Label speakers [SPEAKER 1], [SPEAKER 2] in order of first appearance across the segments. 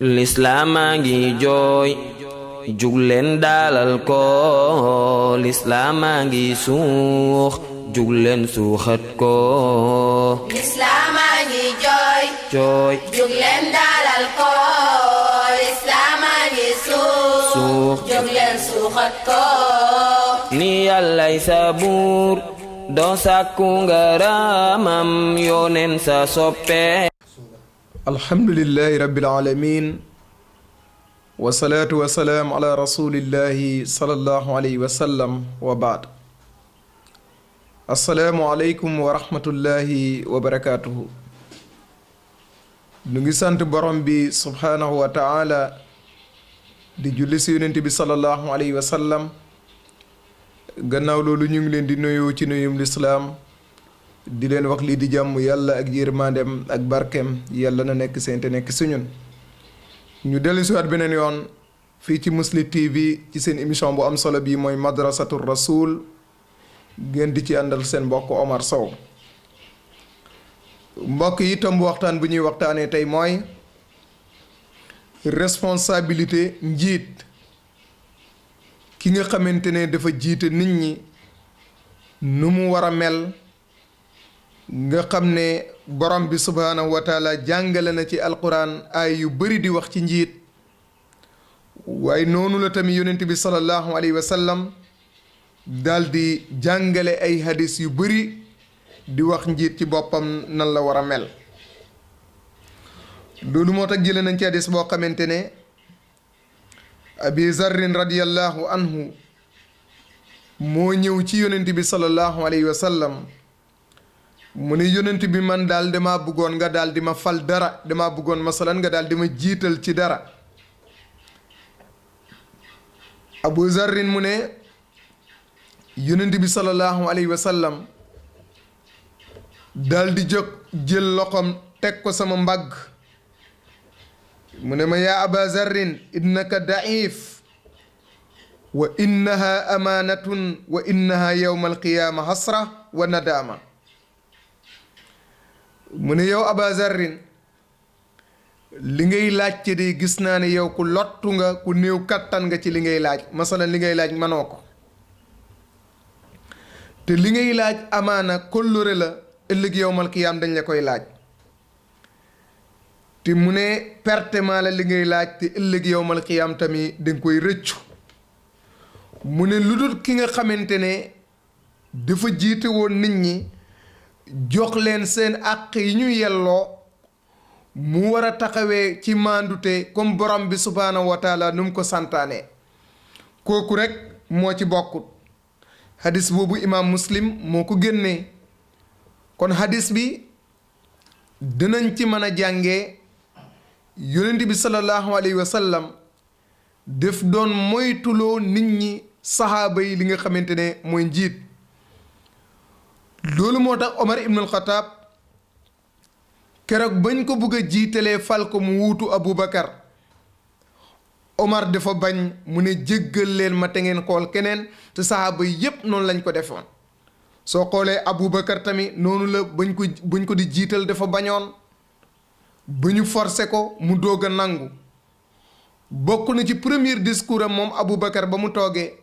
[SPEAKER 1] lislaamaa ngi jooy jugleen daalal ko lislaamaa ngi suux jugleen suuxat ko lislaamaa ngi jooy jooy jugleen daalal
[SPEAKER 2] ko lislaamaa ngi
[SPEAKER 1] suux jugleen suuxat ko ni yàllay sabuur doo sàkku ngaramam yooneen sa soppe alhamdulillahi rabbil alamin wasalaatu wasalaam ala rasulillahi salallahu alayhi wa sallam wa baad asalaamu aleykum wa rahmatullahi wa barakaatuhu nu ngi sant borom bi subhaanahu wa taala di julli si yonent bi salallahu alayhi wa sallam gannaaw loolu ñu ngi leen di nuyoo ci nuyum lislaam di leen wax lii di jàmm yàlla ak yërmandeem ak barkeem yàlla na nekk seen te nekk si ñun ñu dellusiwaat beneen yoon fii ci Mouslih TV ci seen émission bu am solo bii mooy madrasatu rasul ngeen di ci àndal seen mbokk Omar Sow mbokk yi tomb waxtaan bu ñuy waxtaanee tey mooy responsabilité njiit ki nga xamante ne dafa jiite nit ñi nu mu war a mel nga xam ne borom bi subhaanahu wa taala jàngale na ci alquran ay yu bari di wax ci njiit waaye noonu la tamit yonent bi sallallahu alayhi wa sallam daal di jàngale ay hadis yu bari di wax njiit ci boppam nan la war a mel loolu moo tax jële nañ ci hadis boo xamante ne abi zarrin radiyallahu anhu moo ñëw ci yonent bi sallallahu alayhi wa mu ne yonent bi man daal dama bëggoon nga daal di ma fal dara dama bëggoon masalan nga daal di ma jiital ci dara abu zarrin mu ne yonent bi sallallahu alayhi wa sallam daal di jël loxoom teg ko sama mbagg mu ne ma yaa aba zarrin innaka daif wa innaha amaanatun wa innaha yowma alqiyaama hasra wa nadaama mu ne yow Aba Zarrin li ngay laaj ci di gis naa ne yow ku lottu nga ku néew kàttan nga ci li ngay laaj masalan li ngay laaj manoo ko te li ngay laaj amaana kóllëre la ëllëg yow mal kiyaam dañ la koy laaj te mu ne pertement la li ngay laaj te ëllëg yow mal kiyaam tamit dañ koy rëccu mu ne lu dul ki nga xamante ne dafa jiite woon nit ñi jox leen seen àq yi ñu yelloo mu war a taxawee ci maandute comme borom bi subhaanahu wa taala nu mu ko santaane kooku rekk moo ci bokkut hadis boobu imaam muslim moo ko génnee kon xadis bi dinañ ci mën a jàngee yonent bi sallallahu alayhi wa def doon moytuloo nit ñi saxaaba yi li nga xamante ne mooy njiit loolu moo tax Omar ibnul Xataab keroog bañ ko bëgg a jiitalee fal ko mu wuutu Aboubacar Omar dafa bañ mu ne jéggal leen ma te ngeen xool keneen te saxaaba yépp noonu lañ ko defoon soo xoolee Aboubacar tamit noonu la bañ ko bañ ko di jiital dafa bañoon ba ñu forcé ko mu doog a nangu bokk na ci premier discours am moom Aboubacar ba mu toogee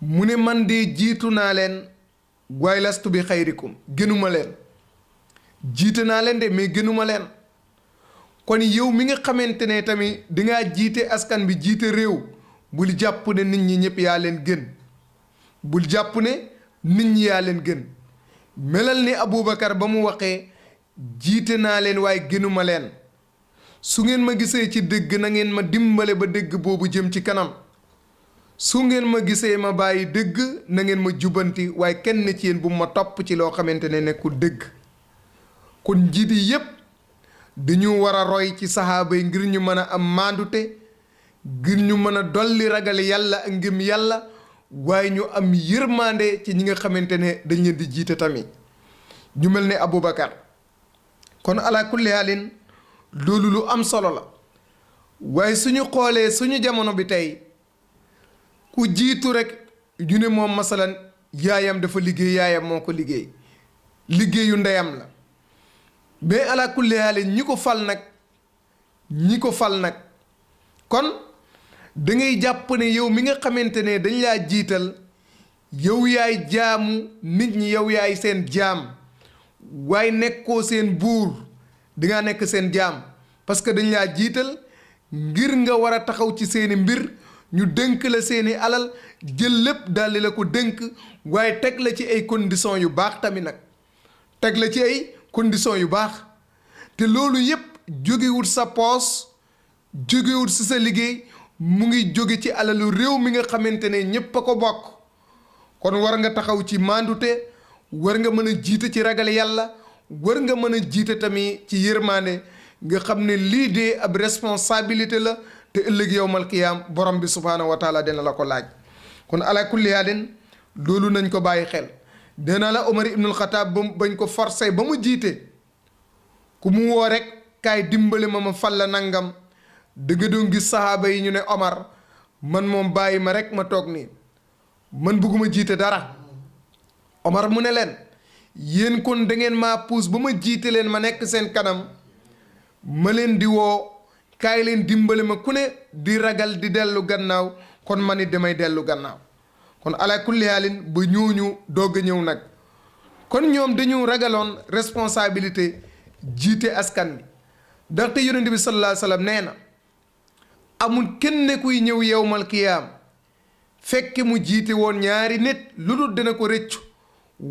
[SPEAKER 1] mu ne man de jiitu naa leen. waay lastu bi xayrikum gënuma leen jiite naa leen de mais gënuma leen kon yow mi nga xamante ne tamit dingaa jiite askan bi jiite réew bul jàpp ne nit ñi ñëpp yaa leen gën bul jàpp ne nit ñi yaa leen gën melal ni Aboubacar ba mu waxee jiite naa leen waaye gënuma leen su ngeen ma gisee ci dëgg na ngeen ma dimbale ba dëgg boobu jëm ci kanam su ngeen ma gisee ma bàyyi dëgg na ngeen ma jubbanti waaye kenn ci yéen bu ma topp ci loo xamante ne nekkul dëgg kon jiit yi yépp dañu war a roy ci saxaaba yi ngir ñu mën a am maandute ngir ñu mën a dolli ragal yàlla ak ngëm yàlla waaye ñu am yërmande ci ñi nga xamante ne dañ leen di jiita tamit ñu mel ne Aboubacar kon ala kulli haalin lu am solo la waaye suñu xoolee suñu jamono bi tey ku jiitu rekk ñu ne moom masalan yaayam dafa liggéey yaayam moo ko liggéey liggéeyu ndeyam la mais ala kulli ñi ko fal nag ñi ko fal nag kon dangay ngay jàpp ne yow mi nga xamante ne dañ laa jiital yow yaay jaamu nit ñi yow yaay seen jaam waaye nekkoo seen buur dangaa nekk seen jaam parce que dañ laa jiital ngir nga war a taxaw ci seeni mbir ñu dénk la seeni alal jël lépp daldi la ko dénk waaye teg la ci ay conditions yu baax tamit nag teg la ci ay conditions yu baax te loolu yépp jógewut sa poos jógewut si sa liggéey mu ngi jóge ci alalu réew mi nga xamante ne ñépp a ko bokk kon war nga taxaw ci mandute war nga mën a jiite ci ragal yàlla war nga mën a jiite tamit ci yërmaande nga xam ne lii de ab responsabilité la te ëllëg yow qiyaam borom bi subaana wa taala dina la ko laaj kon ala kulli loolu nañ ko bàyyi xel dina la Omar ibnul Xataab ba bañ ko forcé ba mu jiite ku mu woo rek kaay dimbali ma ma fal la nangam dëgg doon gis saxaaba yi ñu ne Omar man moom bàyyi ma rek ma toog nii man bëgguma jiite dara Omar mu ne leen yéen kon dangeen ma maa puus ba ma jiite leen ma nekk seen kanam ma leen di woo kaay leen dimbali ma ku ne di ragal di dellu gannaaw kon ma ni damay dellu gannaaw kon ala kulli haalin ba ñooñu doog a ñëw nag kon ñoom dañu ragaloon responsabilité jiite askan bi ndaxte yonent bi sallallahu alayhi nee na amul kenn kuy ñëw yowmal kiyaam fekk mu jiite woon ñaari nit lu dul dina ko rëccu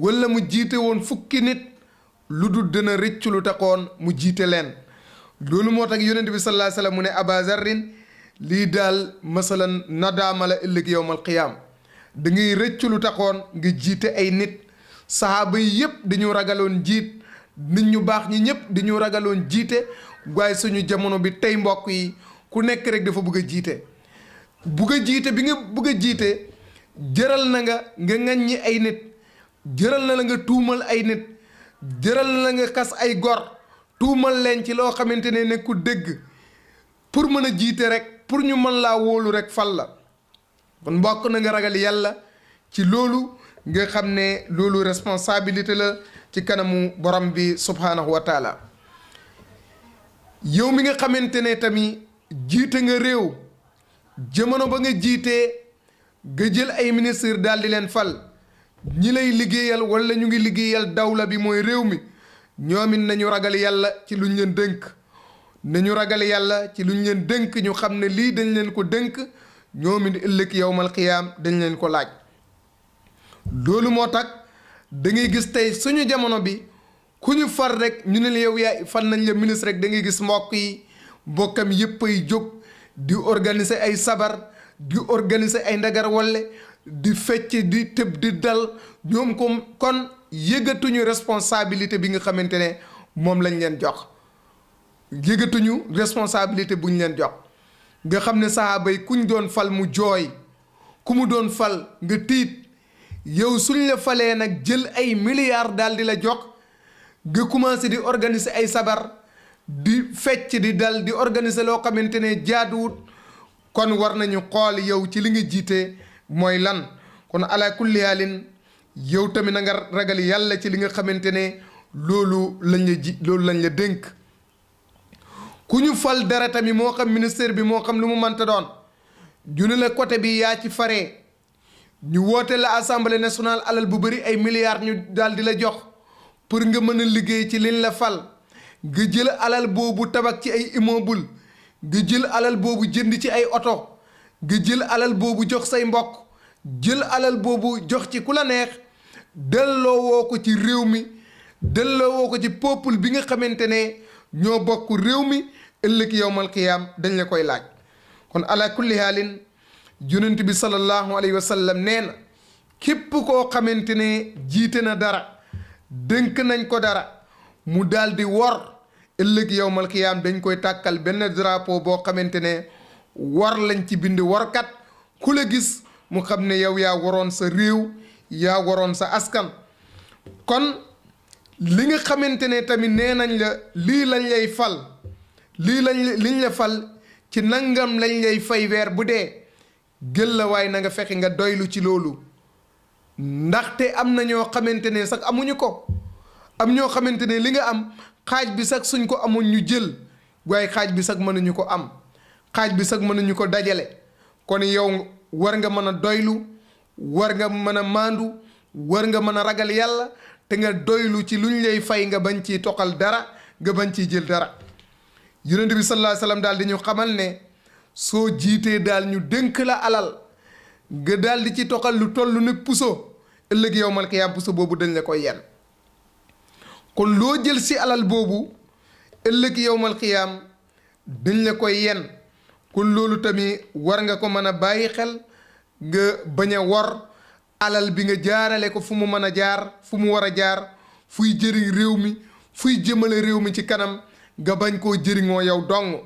[SPEAKER 1] wala mu jiite woon fukki nit lu dul dina rëccu lu taxoon mu jiite leen loolu moo tax yonent bi sallallahu alayhi wa mu ne Aba Zarrin lii daal masalan nadaamala la ëllëg yowmal qiyaam da ngay lu taxoon nga jiite ay nit sahaaba yi yëpp dañu ragaloon jiit nit ñu baax ñi ñëpp dañu ragaloon jiite waaye suñu jamono bi tey mbokk yi ku nekk rek dafa bëgg a jiite bëgg a jiite bi nga bëgg a jiite jëral na nga nga ŋaññi ay nit jëral na la nga tuumal ay nit jëral na la nga xas ay gor tuumal leen ci loo xamante ne ne ku dégg pour mën a jiite rek pour ñu mën laa wóolu rek fal la kon mbokk na nga ragal yàlla ci loolu nga xam ne loolu responsabilité la ci kanamu borom bi subhaanahu wa yow mi nga xamante ne tamit jiite nga réew jamono ba nga jiitee nga jël ay ministre daal di leen fal ñi lay liggéeyal walla ñu ngi liggéeyal dawla bi mooy réew mi ñoomit nañu ragal yàlla ci luñ leen dënk nañu ragal yàlla ci luñ leen dënk ñu xam ne lii dañ leen ko dënk ñoomit ëllëg yowmal xiyaam dañ leen ko laaj loolu moo tax da gis tey suñu jamono bi ku ñu far rek ñu ne yow yaay fan nañ la ministre rek da ngay gis mbokk yi mbokkam yépp ay jóg di organiser ay sabar di organise ay ndagar wolle di fecc di tëb di dal ñoom ko kon yëggatuñu responsabilité bi nga xamante ne moom lañ leen jox yëgatuñu responsabilité buñ leen jox nga xam ne sahaaba yi kuñ doon fal mu jooy ku mu doon fal nga tiit yow suñ la falee nag jël ay milliards daal di la jox nga commencé di organiser ay sabar di fecc di dal di organiser loo xamante ne jaaduwut kon war nañu xool yow ci li nga jiite mooy lan kon ala kulli yow tamit na nga ragal yàlla ci li nga xamante ne loolu lañ la ji loolu lañ la dénk ku ñu fal dara tamit moo xam ministère bi moo xam lu mu mënta doon ju ne la côté bi yaa ci faree ñu woote la assemblée nationale alal bu bëri ay milliards ñu daal di la jox pour nga mën a liggéey ci liñ la fal nga jël alal boobu tabax ci ay immeuble nga jël alal boobu jënd ci ay oto nga jël alal boobu jox say mbokk jël alal boobu jox ci ku la neex delloo woo ko ci réew mi delloo woo ko ci peuple bi nga xamante ne ñoo bokk réew mi ëllëg yowmal qiyaam dañ la koy laaj kon ala kulli haalin yonent bi sallallahu alayhi wa sallam nee na képp koo xamante ne jiite na dara dénk nañ ko dara mu daldi di wor ëllëg yowmal qiyaam dañ koy tàkkal benn drapeau boo xamante ne war lañ ci bind warkat ku la gis mu xam ne yow yaa waroon sa réew yaa waroon sa askan kon li nga xamante ne tamit nee nañ la lii lañ lay fal lii lañ liñ la fal ci nangam lañ lay fay weer bu dee gël la waaye na nga fekk nga doylu ci loolu ndaxte am na ñoo xamante ne sag amuñu ko am ñoo xamante ne li nga am xaaj bi sag suñ ko amoon ñu jël waaye xaaj bi sax mënuñu ko am xaaj bi sax mënuñu ko dajale kon yow war nga mën a doylu war nga mën a maandu war nga mën a ragal yàlla te nga doylu ci lu ñu lay fay nga bañ ciy toqal dara nga bañ ciy jël dara yonent bi sallallahu alayhi wasallam daal di ñu xamal ne soo jiitee daal ñu dénk la alal nga daal di ci toqal lu tollu ni puso ëllëg yow mal qiyaam puso boobu dañ la koy yenn kon loo jël si alal boobu ëllëg yow mal qiyaam dañ la koy yenn kon loolu tamit war nga ko mën a bàyyi xel nga bañ a wor alal bi nga jaarale ko fu mu mën a jaar fu mu war a jaar fuy jëriñ réew mi fuy jëmale réew mi ci kanam nga bañ koo jëriñoo yow dong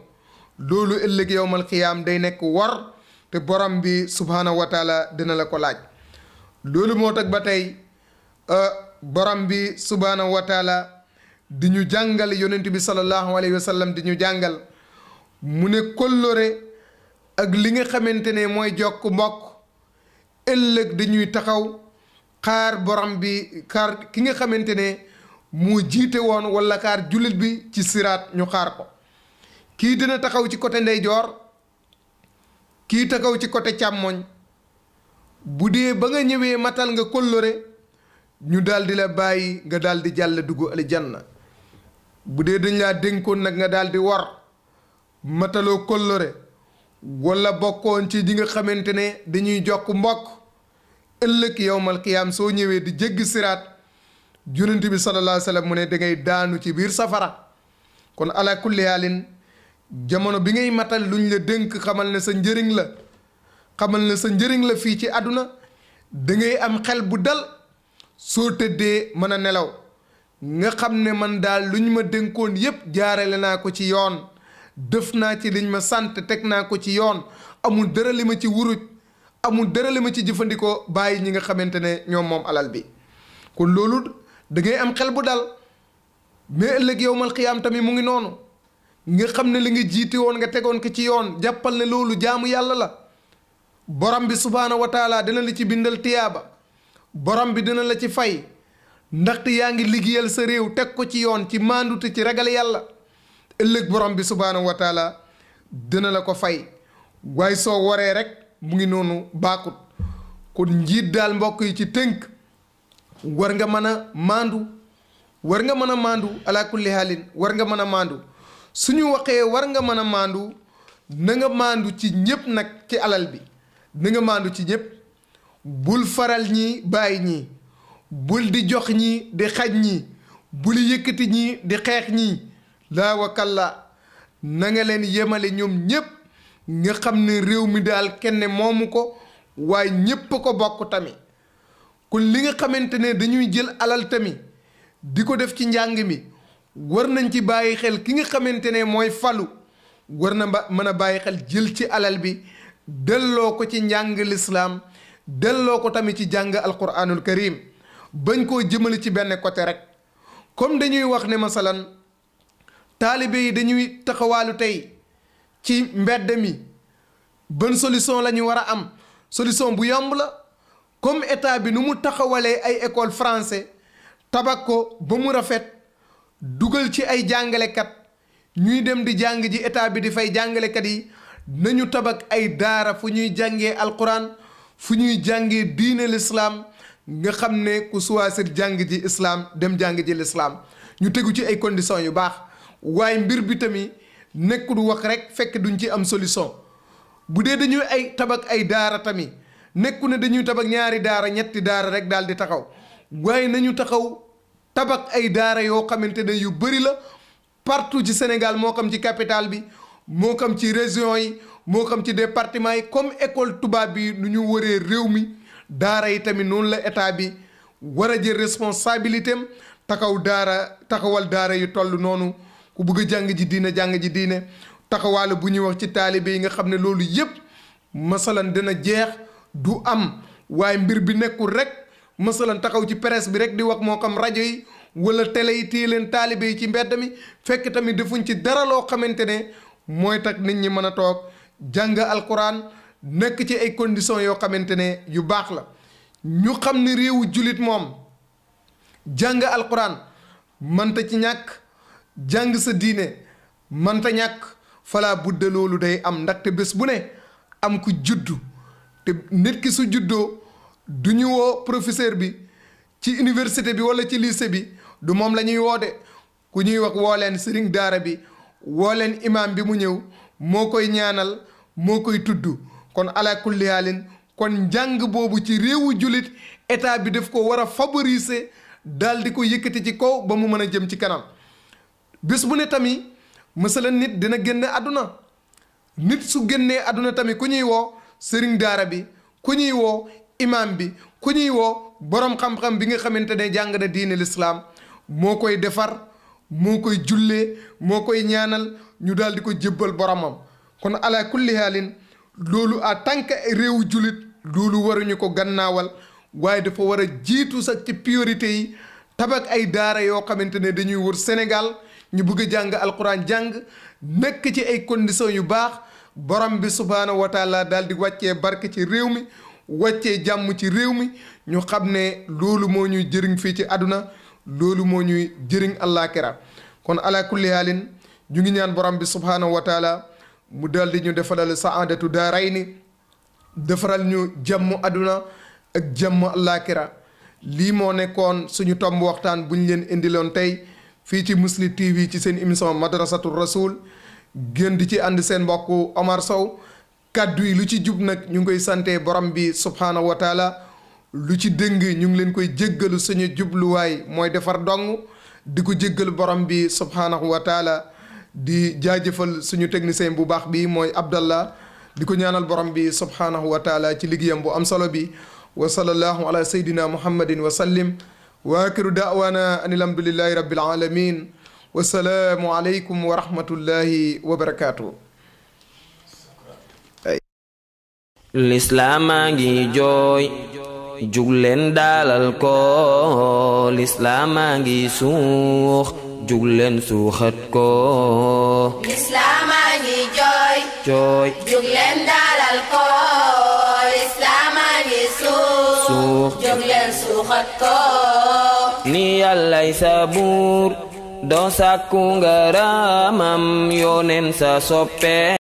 [SPEAKER 1] loolu ëllëg yowmal xiyaam day nekk wor te borom bi subaana wa dina la ko laaj loolu moo teg ba tey euh, borom bi subaana wa taala di ñu jàngal yonent bi sallallahu alayhi wa sallam di ñu jàngal mu ne kóllëre ak li nga xamante ne mooy jokk mbokk ëllëg dañuy taxaw xaar borom bi xaar ki nga xamante ne mu jiite woon walla xaar jullit bi ci siraat ñu xaar ko kii dina taxaw ci côté ndeyjoor kii taxaw ci côté càmmoñ bu dee ba nga ñëwee matal nga kóllëre ñu daldi la bàyyi nga daldi jàll dugg aljanna bu dee dañ laa dénkoon nag nga daldi wor mataloo kóllëre wala bokkoon ci ñi nga xamante ne dañuy jokk mbokk ëllëg yowmal qiyaam soo ñëwee di jéggi siraat yonent bi sallallahu alayhi mu ne dangay daanu ci biir safara kon ala kulli jamono bi ngay matal luñ la dénk xamal ne sa njëriñ la xamal na sa njëriñ la fii ci àdduna da am xel bu dal soo tëddee mën a nelaw nga xam ne man daal luñ ma dénkoon yépp jaarale naa ko ci yoon def naa ci liñ ma sant teg naa ko ci yoon amul dara li ma ci wuruj amul dara li ma ci jëfandikoo bàyyi ñi nga xamante ne ñoom moom alal bi kon loolu dangay am xel bu dal mais ëllëg yowmal xiyaam tamit mu ngi noonu nga xam ne li nga jiite woon nga tegoon ko ci yoon jàppal ne loolu jaamu yàlla la borom bi subhaana wa taala dina la ci bindal tiyaaba borom bi dina la ci fay ndaxte yaa ngi liggéeyal sa réew teg ko ci yoon ci maandute ci ragal yàlla ëllëg borom bi subhaanahu wa taala dina la ko fay waaye soo waree rek mu ngi noonu baaxut kon njiit daal mbokk yi ci tënk war nga mën a maandu war nga mën a maandu ala war nga mën a maandu suñu waxee war nga mën a maandu na nga maandu ci ñépp nag ci alal bi na nga maandu ci ñépp bul faral ñi bàyyi ñi bul di jox ñi di xaj ñi bul yëkkati ñi di xeex ñi laa wa kalla na nga leen yemale ñoom ñépp nga xam ne réew mi daal kenn moomu ko waaye ñépp ko bokk tamit kon li nga xamante ne dañuy jël alal tamit di ko def ci njàng mi war nañ ci bàyyi xel ki nga xamante ne mooy falu war na ba mën a bàyyi xel jël ci alal bi delloo ko ci njàng lislaam delloo ko tamit ci jàng alquranul karim bañ koo jëmale ci benn côté rek comme dañuy wax ne masalan taalibe yi dañuy taxawaalu tey ci mbedd mi bonne solution la ñu war a am solution bu yàmb la comme état bi nu mu taxawalee ay école français tabax ko ba mu rafet dugal ci ay jàngalekat ñuy dem di jàng ji état bi di fay jàngalekat yi nañu tabak ay daara fu ñuy jàngee alxuraan fu ñuy jàngee diine l'islam nga xam ne ku choisir jàng ji islam dem jàng ji l'islam ñu tegu ci ay conditions yu baax waaye mbir bi tamit nekk du wax rek fekk duñ ci am solution bu dee dañuy ay tabak ay daara tamit nekku ne dañuy tabak ñaari daara ñetti daara rek daal di taxaw waaye nañu taxaw tabak ay daara yoo xamante ne yu bëri la partout ci Sénégal moo kam ci capital bi moo kam ci région yi moo xam ci département yi comme école tubaab bi nu ñu waree réew mi daara yi tamit noonu la état bi war a jël responsabilité am taxaw daara taxawal daara yi toll noonu ku bëgg jàng ji diine jàng ji diine taxawaale bu ñuy wax ci taalibe yi nga xam ne loolu yépp masalan dina jeex du am waaye mbir bi nekkul rek masalan taxaw ci presse bi rek di wax moo xam rajo yi wala télé yi téye leen taalibe yi ci mbedd mi fekk tamit defuñ ci dara loo xamante ne mooy tax nit ñi mën a toog jàng alquran nekk ci ay conditions yoo xamante ne yu baax la ñu xam ne réewu jullit moom jàng alquran mënta ci ñàkk. jàng sa diine mënta ñàkk falaa budda loolu day am ndaxte bés bu ne am ku juddu te nit ki su juddoo du ñu woo professeur bi ci université bi wala ci lycée bi du moom la ñuy woo de ku ñuy wax woo leen sëriñ daara bi woo leen imaam bi mu ñëw moo koy ñaanal moo koy tudd kon ala kulli kon njàng boobu ci réewu jullit état bi daf ko war a favoriser daal di ko yëkkati ci kaw ba mu mën a jëm ci kanam bis bu ne tamit mësala nit dina génne àdduna nit su génnee àdduna tamit ku ñuy woo sëriñ daara bi ku ñuy woo imaam bi ku ñuy woo borom xam-xam bi nga xamante ne jàng na diine lislaam moo koy defar moo koy jullee moo koy ñaanal ñu daal di ko jébbal boromam kon ala kulli haalin loolu en tant que réewu jullit loolu waruñu ko gannaawal waaye dafa war a jiitu sax ci priorité yi tabax ay daara yoo xamante ne dañuy wër Sénégal ñu bëgg a jàng alquran jàng nekk ci ay conditions yu baax borom bi subhaanahu wa taala daal di wàccee bark ci réew mi wàccee jàmm ci réew mi ñu xam ne loolu moo ñuy jëriñ fii ci àdduna loolu moo ñuy jëriñ àllaaxira kon ala ñu ngi ñaan borom bi subhaanahu wa taala mu daal di ñu defalal saadatu daarayni defaral ñu jàmm àdduna ak jàmm àllaaxira lii moo nekkoon suñu tomb waxtaan bu leen indiloon tey fii ci Mously TV ci seen émission madrasatu rasul gën di ci ànd seen mbokku Omar Sow kàddu yi lu ci jub nag ñu ngi koy sante borom bi subhaanahu wa lu ci dëng ñu ngi leen koy jëggal suñu jubluwaay mooy defar dong di ko jéggal borom bi subhaanahu wa di jaajëfal suñu technicien bu baax bi mooy Abdallah di ko ñaanal borom bi subhaanahu wa taala ci liggéeyam bu am solo bi wa sallallahu ala sayyidina muhammadin wa sallim wa akiru daawaana an alhamdulillahi rabbil alamin wa salaamu aleykum wa rahmatullahi wa barakaatu lislaamaa ngi jooy jugleen daalal ko lislaamaa ngi suux jugleen suuxat ko lislaamaa ngi jooy jooy jugleen daalal ko lislaamaa ngi suux jugleen suuxat ko yàllay sa buur doo sàkku nga raamam yoneen sa soppe